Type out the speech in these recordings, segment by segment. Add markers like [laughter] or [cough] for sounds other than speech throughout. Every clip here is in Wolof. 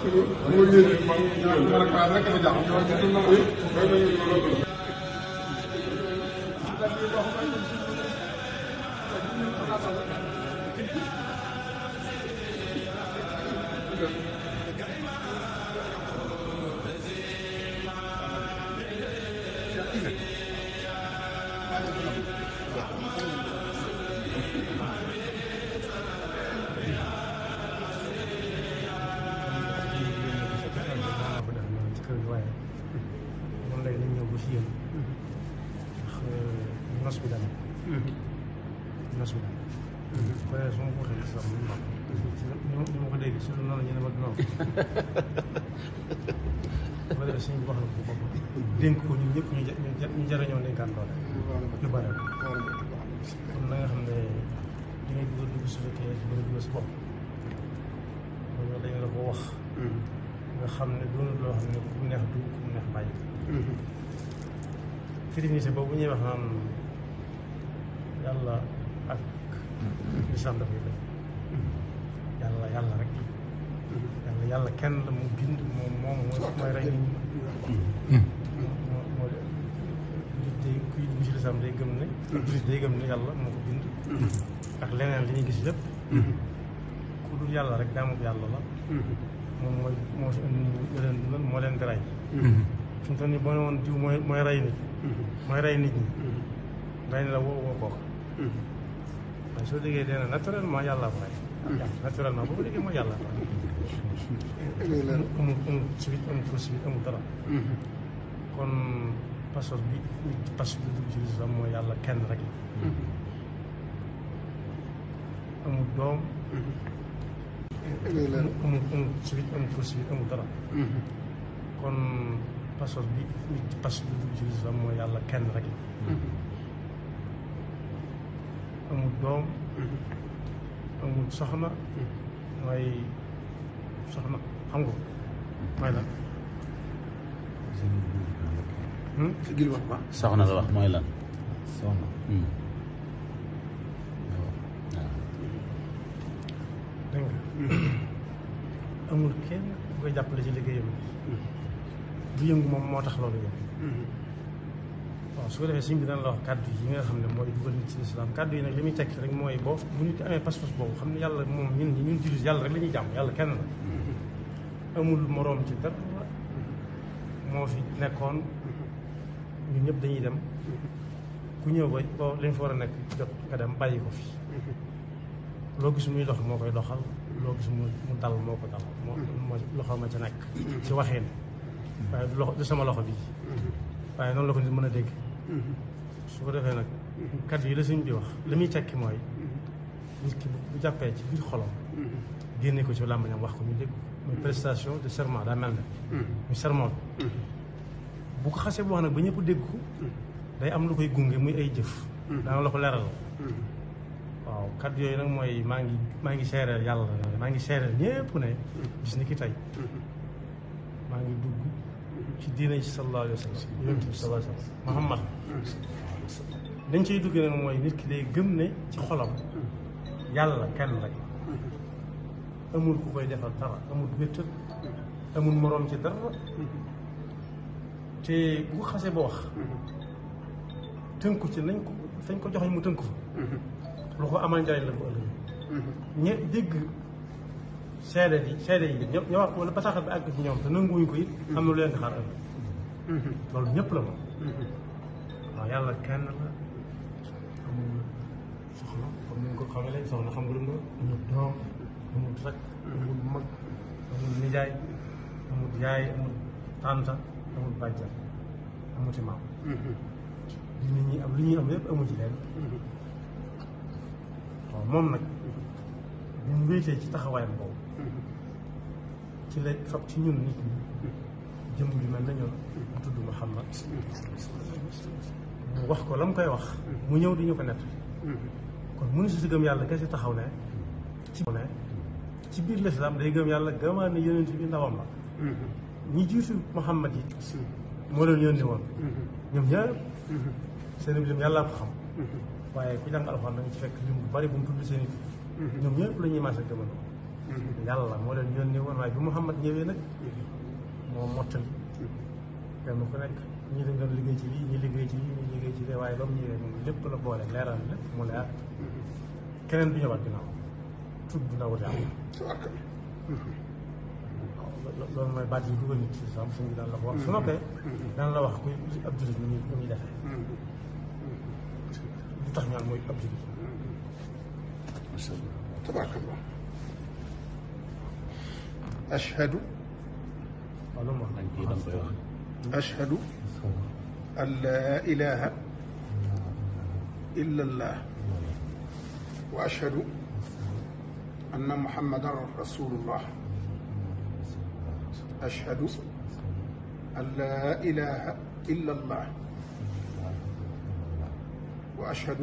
mooy ñëw ñoom ñoom ak maanaam rek a jaaxal ñoom ñu dund mooy mooy ñoom ñu dund loolu. Thank you. ci yéen ndax nos bi dana nos bi dana waaye su ma ko waxee sax mu baax ma ko dégg su noonu ñu ne ma du noonu wala suñ wax na ko bopp dénk ko ñun ñëpp ñu ñu jëriñoo dénkaan doole lu bare kon na nga xam ne li su si bopp loolu dañ la ko wax nga xam ne doonul loo xam ne ku neex dugg ku neex bàyyi trinité boobu ñuy wax naan yàlla ak lislaam dafay def yàlla yàlla rek yàlla yàlla kenn la mu bind moom moom mooy mooy rey mooy day kuy dugg ci lislaam day gëm ne gëm ne yàlla moo ko bind ndax leneen li ñuy gis lépp yàlla rek daamu yàlla la moom mooy moo moo leen di fi mu toll nii boo diw mooy mooy rey nit mm-hmm. mooy rey nit ñi mm-hmm. rey na la woo woo kooku mais mm-hmm. soo liggéey dee na naturellement yàlla ko rey naturellement boo ko liggéey mooy yàlla ko kon pasos bi pasos bi dugg ci lislam mooy yàlla kenn rek la amul doom amul amul suite dara kon pasos bi nit pas bu dul jurisam yàlla kenn rek mm-hmm. amul doom mm-hmm. amul soxna mooy mm-hmm. soxna xam nga mooy lan hmm? soxna la wax mooy lan soxna hmm. Hmm. [coughs] amul kenn ku koy jàppale ci liggéeyam bu yëngu moom moo tax loolu yëngu mhm. waaw su ko defee sëñ bi dana la wax kàddu yi nga xam ne mooy dugal nit ci lislaam kàddu yi nag li muy tekki rek mooy boo bu nit amee pas-pas boobu xam ne yàlla moom ñun ñun jullit yàlla rek la ñuy jàmm yàlla kenn la mhm. amul moroom ci dara mhm. moo fi nekkoon ñun ñëpp dañuy dem ku ñëw ko bo lañ fa war a nekk jot nga dem bàyyi ko fi loo gis muy dox moo koy doxal loo gis mu dal moo ko dal moo loxo ma ci nekk ci waxee waaye du loxo du sama loxo bi waaye noonu la ko nit mën a dégg su ko defee nag kaddu yi la suñ bi wax li muy tekki mooy ki bu jàppee ci biir xolom génne ko ci làmbañam wax ko ñu dégg muy prestation de serment daa mel ne muy serment bu ko xasee bu wax nag ba ñëpp dégg ko day am lu koy gunge muy ay jëf daana la ko leeral waaw kaddu yooyu nag mooy maa ngi maa ngi seereel yàlla maa ngi seereel ñépp ne gis ni ki tey maa ngi dugg ci diine ci sallallahu alayhi wa sallam sa bi sallallahu Muhammad dañ ciy dugg nag mooy nit ki day gëm ne ci xolam yàlla kenn rek amul ku koy defar dara amul wéttal amul moroom ci dara te ku xase ba wax tënku ci nañ ko fañ ko joxeñ mu tënku fa lu ko amal njariñ la bu ëllëg ñe dégg seede yi seede yi ñoom ñoo wax wala bataaxal bi àgg ci ñoom te nanguwuñu ko it mm-hmm. am na lu leen di xaar ëllëg mm-hmm. loolu ñëpp la moom mm-hmm. waaw la amul soxla comme ni nga ko xamalee soxla xam nga lu mag amul nijaay amul yaay amul tànta amul bàjjan amul maam li nit ñi am li ñuy am amul ci leen waaw moom nag bi mu wéetee ci taxawaayam boobu ci la fab ci ñun nit ñi jëm bi mel nañoo tudd Muhammad mu wax ko la mu koy wax mu ñëw di ñu ko nett kon mënu si si gëm yàlla si taxaw ne ci ne ci biir lislaam day gëm yàlla gëmaan ne yonent bi ndawam la ñi jiitu Muhammad yi moo leen yónni woon ñoom ñëpp seen i jëm yàllaa ko xam waaye ku jàng alxuraan da nga ci fekk lim bu bari bu mu tudd seen i ñoom ñëpp la ñuy marché gëmandoo yàlla moo leen yónnee woon waaye bi Muhammad ñëwee nag moo mottali kenn ku nekk ñi dañ doon liggéey ci lii ñi liggéey ci lii ñi liggéey ci lii waaye ba mu ñëwee la boole leeral lépp keneen du ñëwaat ginnaaw tudd na wute am loolu mooy baat yi dugal nit ci sam suñu daan la ko wax su noppee daan la wax kuy ab jullit ñu ñu ñuy defee lu tax ñaan mooy ab jullit أشهد أشهد أن لا إله إلا الله وأشهد أن محمدا رسول الله أشهد أن لا إله إلا الله وأشهد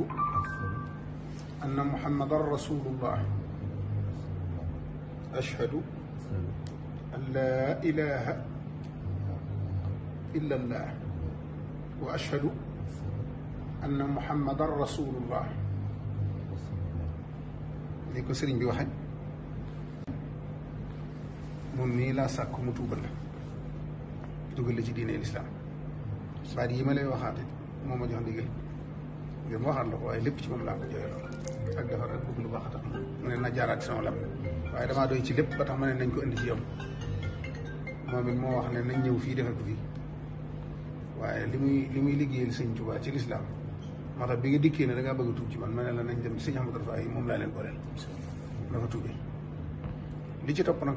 أن محمدا رسول الله أشهد لا إله إلا الله وأشهد أن محمد رسول الله ليكو سيرين جي واحد مون ني لا ساكو متوبل دوغل لي دين الاسلام بعد يما لي واخات موما جون ديغل غير ما واخات لا واي لب سي موم لا جوي اك دافار اك بوغل واخات من نجارات سون لام waaye damaa doy ci lépp ba tax ma ne nañ ko indi ci yow moom it moo wax ne nañ ñëw fii defe ko fii waaye li muy li muy liggéeyal sëñ Tuubaa ci lislaam moo tax bi nga dikkee ne da bëgg a tuub ci man ma ne la nañ dem sëñ Ahmadou Rafahi moom laa leen booleel dafa tuubee li ci topp nag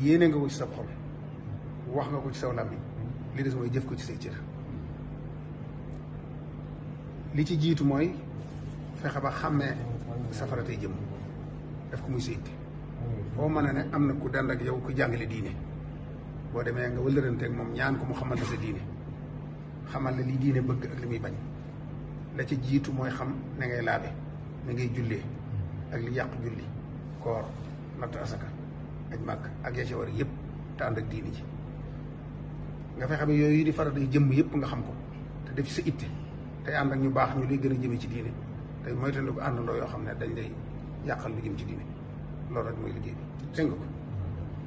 yéene nga ko ci sa xol wax nga ko ci saw làmmiñ li des mooy jëf ko ci say cër li ci jiitu mooy fexe ba xàmmee safara tey jëm def ko muy sa yitte foo mën a ne am na ku dend ak yow ku jàngale diine boo demee nga wëllëranteeg moom ñaan ko mu xamal la sa diine xamal la li diine bëgg ak li muy bañ la ca jiitu mooy xam na ngay na ngay jullee ak li yàq julli koor natt asaka aj ak ya yëpp te ànd ak diine ji nga yooyu di faral di jëmm yëpp nga xam ko te def sa itte tey ànd ak ñu baax ñu lay gën a jëme ci diine tey moytandiku àndandoo yoo xam ne dañ lay yàqal lu jëm ci diine loolu rek mooy liggéey bi dégg ko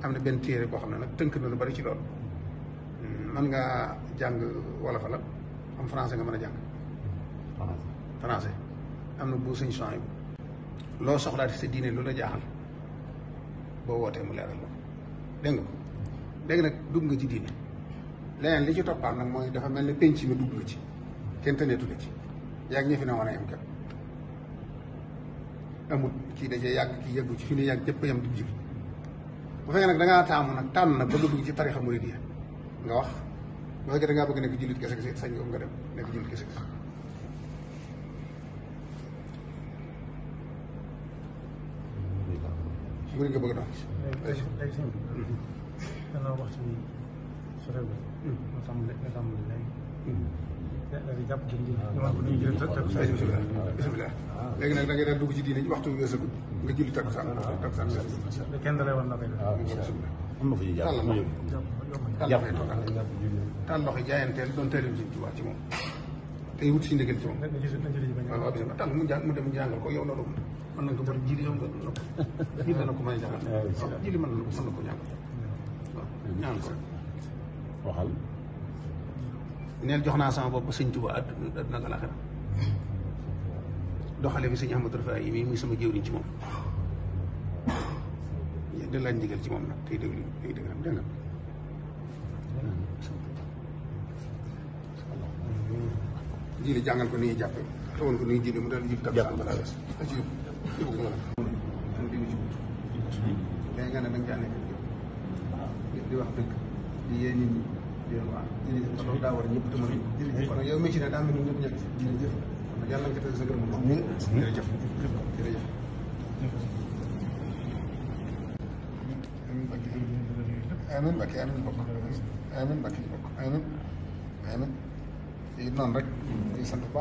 am na benn téere boo xam ne nag tënk na lu bari ci loolu man hmm, ngaa jàng wala fa la am français nga mën a jàng français am na bu sëñ son yi loo si sa diine lu la jaaxal boo wootee mu leeral la dégg nga ko léegi nag dugg nga ci diine leneen li ci toppaat nag mooy dafa mel ne penc mi dugg nga ci kenn tëneetu la ci yaa ngi ñi fi ne woon a yem képp amut kii da cee yàgg kii ci fi ne yàgg yam di bu fekkee nag da ngaa taamu nag dugg ci ya nga wax bu fekkee da ngaa bëgg nekk jullit kese kese sañ nga dem nekk jullit kese kese murid nga bëgg doon gannaaw waxtu sore bisimilah léegi nag da ngay daan dugg ci na koy def am na fa jàpp jàpp tànn loxo jaayanteel doon teelim ci tubaab ci moom tey wut si ndigal ci moom waaw bisimilah tànn mu jàng mu dem jàngal ko yow loolu mën na ko bëri a jàngal jiili mën na ko mën na ko ñaan ko waxal neel jox naa sama bopp sëñ Tuba àdduna àdduna ak alaxira doxale fi sëñ Ahmadou Rafaay yi mii muy sama jangan ci moom jangan laaj ndigal ci moom nag tey déglu tey déglu dégg nga jiili jàngal ko ni ñuy jàppe ko ni ñuy mu dal jib dab jàpp balaa ci yóbbu ko la nga ne nga caa di wax dëgg di yee nit yoon waaw jërëjëf kon loolu daa war a ñëpp yow mi daa mel ni ñëpp ñëpp jërëjëf kon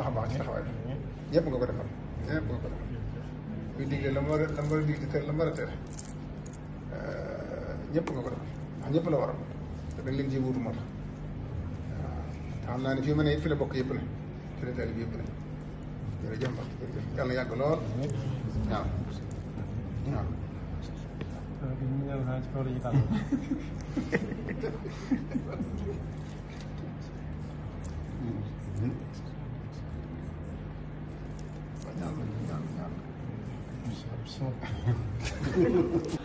a baax ci taxawaay nga ko defal yëpp la war a la mu war a digle teel la mu leen ciy wuutu te xam naa ne fi la bokk yëpp ne fi la taalibe yëpp ne jërëjëf Mbacke jërëjëf yàlla yàgg lool waaw waaw. ñaan ñaan ñaan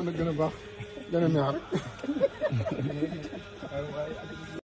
كنا قلنا باخ لنا نعرف [laughs]